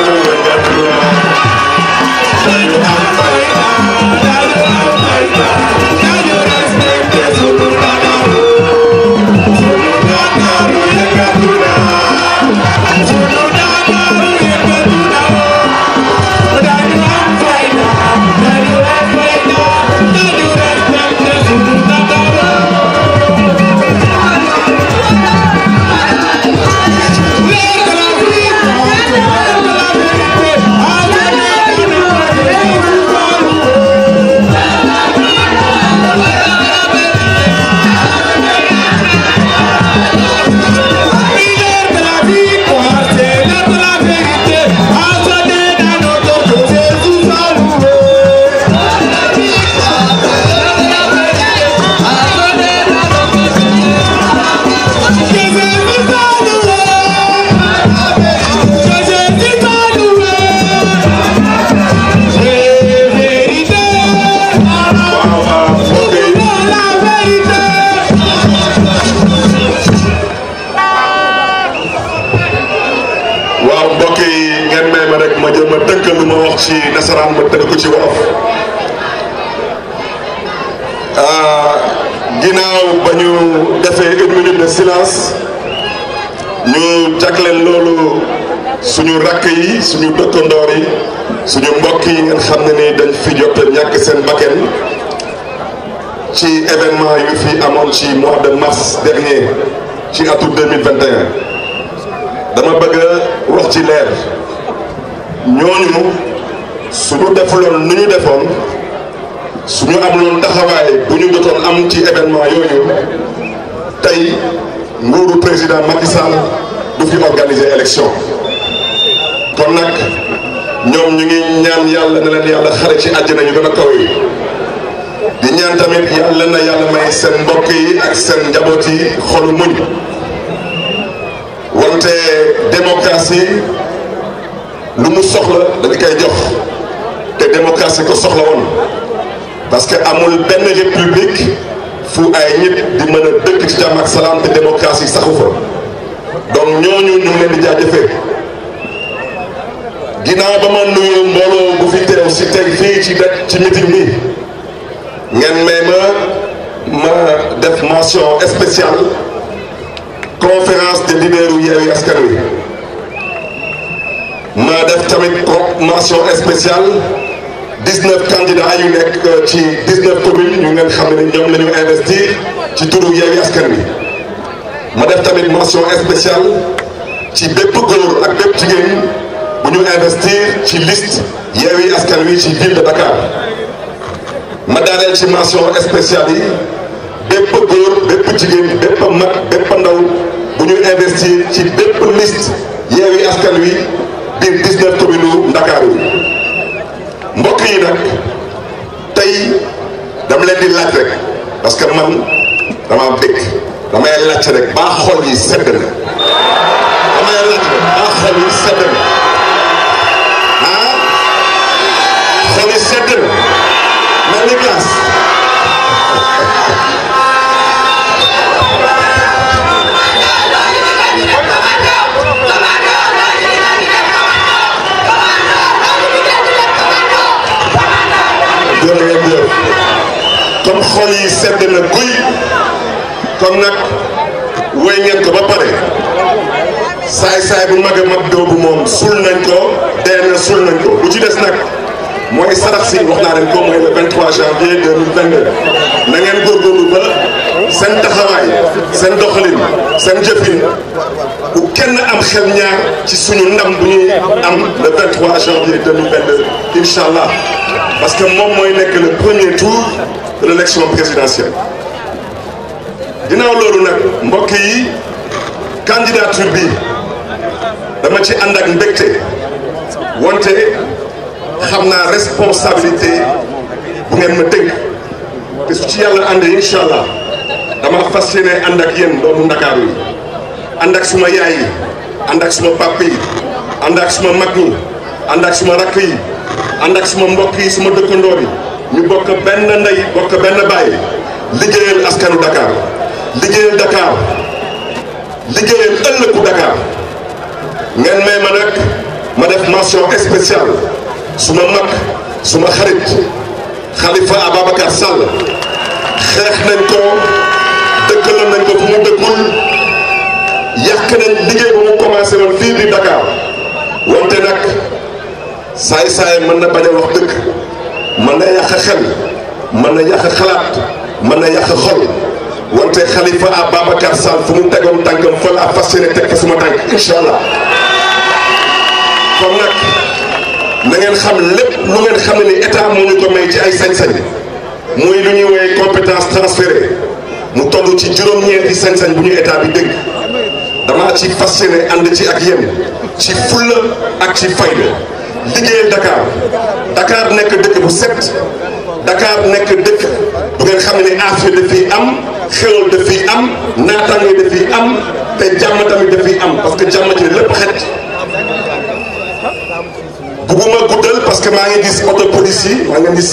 Hallelujah. nasaraan ma tëdd ci wolof ah, ginnaaw ba ñu defee une minute de silence ñu jagleel loolu suñu rakk yi suñu dëkkandoor yi suñu mbokk yi ngeen xam ne ni dañ fi jot ñàkk seen bakken ci événement yu fi amoon ci mois de mars dernier ci atum 2021 dama bëgg a wax ci leer ñooñu suñu defuloon nu ñu defoon su am lu taxawaay bu ñu jotoon am ci événement yooyu tey nguuru président Macky Sall du fi organiser élection kon nag ñoom ñu ngi ñaan yàlla na leen yàlla xare ci àjjana yu dana a di ñaan tamit yàlla na yàlla may seen mbokk yi ak seen njaboot yi xolu muñ wante démocratie lu mu soxla dañ koy jox que démocratie ko soxla woon parce que amul benn république fu ay nit di mën a dëkk ci jàmm ak salaam te démocratie saxu fa donc ñooñu ñu ngi leen di jaajëfee ginnaaw ba ma nuyu mbooloo ci ci meeting bi ngeen may ma ma def mention spéciale conférence des leaders yu Yewwi Askan Wi ma def tamit mention spéciale. 19 candidats yu nekk euh, ci 19 communes ñu ngi leen xam ne ñoom la ñu ci turu Yewwi Askan Wi ma def tamit mention spéciale ci bépp góor ak bépp jigéen bu ñu investir ci liste Yewwi Askan Wi ci ville de Dakar ma daaneel ci mention spéciale yi bépp góor bépp jigéen bépp mag bépp ndaw bu ñu investir ci bépp liste Yewwi Askan Wi biir 19 communes Ndakaaru mbokk yi nag tey dama leen di laaj rek parce que man dama bëgg damay laaj rek baa xol yi sedd na damay laaj rek baa comme nag woy ngeen ko ba pare saay-saay bu mag a mag doobu moom sul nañ ko dee sul nañ ko lu ci des nag mooy sarax si wax naa leen ko mooy le 23 janvier 2022 na ngeen góorgóorlu ba seen taxawaay seen doxalin seen jëfin bu kenn am xel ñaar ci suñu ndam bu ñuy am le 23 janvier 2022 incha allah parce que moom mooy nekk le premier tour de l' présidentielle ginnaaw loolu nag mbokk yi candidature bi dama ci ànd ak mbégte wante xam naa responsabilité bu ngeen ma tënk te su ci yàlla ànd incha dama fas yéene ànd ak yéen doomu ndakaaru yi ànd ak suma yaay yi ànd ak suma papa yi ànd ak suma mag yi ànd ak suma rakk yi ànd ak suma mbokk yi suma dëkkandoo bi ñu bokk benn ndey bokk benn baay liggéeyal askanu Dakar liggéeyal Dakar liggéeyal ëllëgu Dakar ngeen may ma nag ma def mention spéciale suma mag suma xarit Khalifa Ababacar Sall xeex nañ ko dëkkaloon nañ ko fu mu dëkkul yàq nañ liggéey ba mu commencé woon fii di Dakar wante nag saay saay mën na bañ a wax dëkk mën na yàq xel mën na yàq xalaat mën na yàq xol. wante xalifa Ababacar Sall fu mu tegoon tànkam fa laa fas yéene teg fa sama tànk incha allah kon nag na ngeen xam lépp lu ngeen xam ne ni état moo ñu ko may ci ay sañ-sañ muy lu ñuy woowee compétence transférée mu toll ci juróom-ñeenti sañ-sañ bu ñu état bi dégg damaa ci fas yéene ànd ci ak yéen ci fulla ak ci fayda liggéeyal Dakar Dakar nekk dëkk bu set Dakar nekk dëkk bu ngeen xam ne aafia dafii am xéwal daf fiy am naataange daf fiy am te jàmm tamit daf am parce que jàmm ci lépp xet bugguma guddal parce que maa ngi gis auto police yi maa ngi gis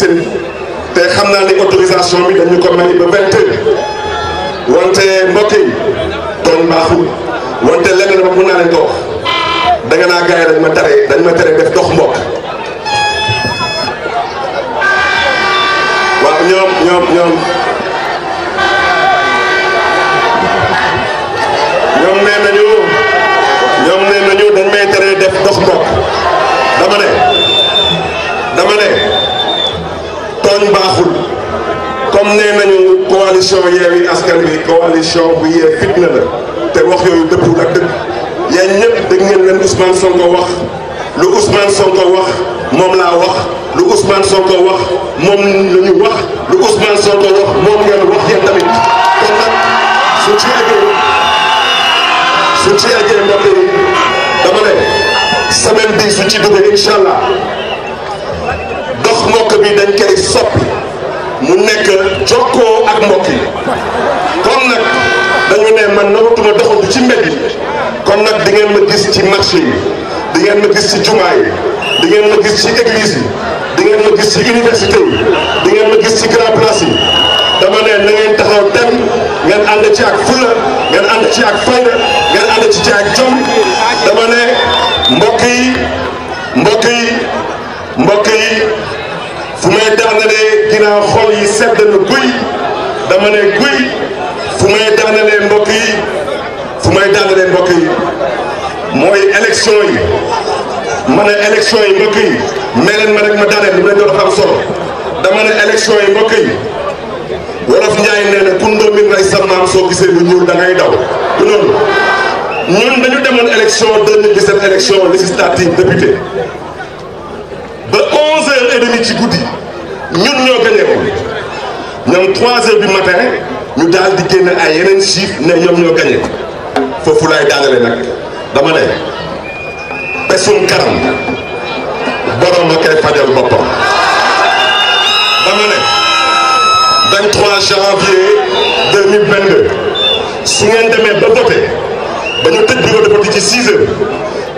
te xam naa ni autorisation bi dañu ko may ba vingt heures wante mbokk yi doon baaxul wante lenn dama mën naa leen ko danga naa gars yi dañ ma tere dañ ma tere def dox mbokk waaw ñoom ñoom ñoom tooñ baaxul comme nee nañu coalition Yewwi Askan Wi coalition bu yee fitna la te wax yooyu dëppul ak dëgg yéen ñëpp dégg ngeen leen Ousmane Sonko wax lu Ousmane wax moom laa wax lu wax moom la ñu wax lu Ousmane Sonko wax moom ngeen wax yéen tamit kon nag su ci eggee su ci eggee mbokk yi dama ne semaine bi su ci duggee incha allah. bi dañ koy soppi mu nekk jokkoo ak mbokk yi kon nag dañu ne man nawatuma doxantu ci mbedd yi kon nag di ngeen ma gis ci marché yi di ngeen ma gis ci jumaa yi di ngeen ma gis ci église yi di ngeen ma gis ci université yi di ngeen ma gis ci grand place yi dama ne na ngeen taxaw tem ngeen ànd ci ak fula ngeen ànd ci ak fayda ngeen ànd ci ci ak jom dama ne mbokk yi mbokk may daanalee ginnaaw xol yi sedd na guy dama ne guy fu may daanalee mbokk yi fu may daanalee mbokk yi mooy élection yi ma ne élection yi mbokk yi mel leen ma rek ma daaneel li ma doon am solo dama ne élection yi mbokk yi wolof Njaay nee na ku ndóomin rey sa soo gisee lu ñuul da ngay daw du noonu ñun dañu demoon élection 2017 élection législative député ba 11 heures et demie ci guddi. yeewu ñoom 3 heures du matin ñu daal di génn ay yeneen chiffres ne ñoom ñoo gagné foofu laay daanale nag dama ne pesum kanam borom a koy fajal boppam dama ne 23 janvier 2022 su ngeen demee ba voté ba ñu tëj bureau de vote ci 6 heures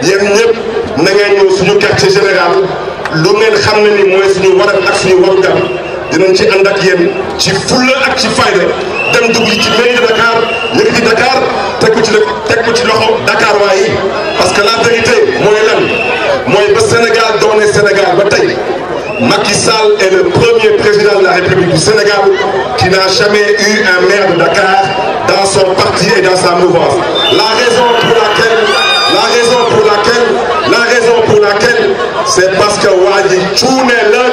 yéen ñëpp na ngeen ñëw suñu quartier général lu ngeen xam ne ni mooy suñu waral ak suñu warugar. dinañ ci ànd ak ci fulla ak ci fayda dem dugg ci mairie de Dakar yëkkati teg ko ci loxo Dakar waay parce que la mooy lan mooy ba Sénégal doone Sénégal ba tey Macky Sall le premier président de la République du Sénégal qui n'a jamais eu un maire de dans son parti et dans sa mouvance la raison pour laquelle la raison pour la raison c'est parce que waa ji cuune la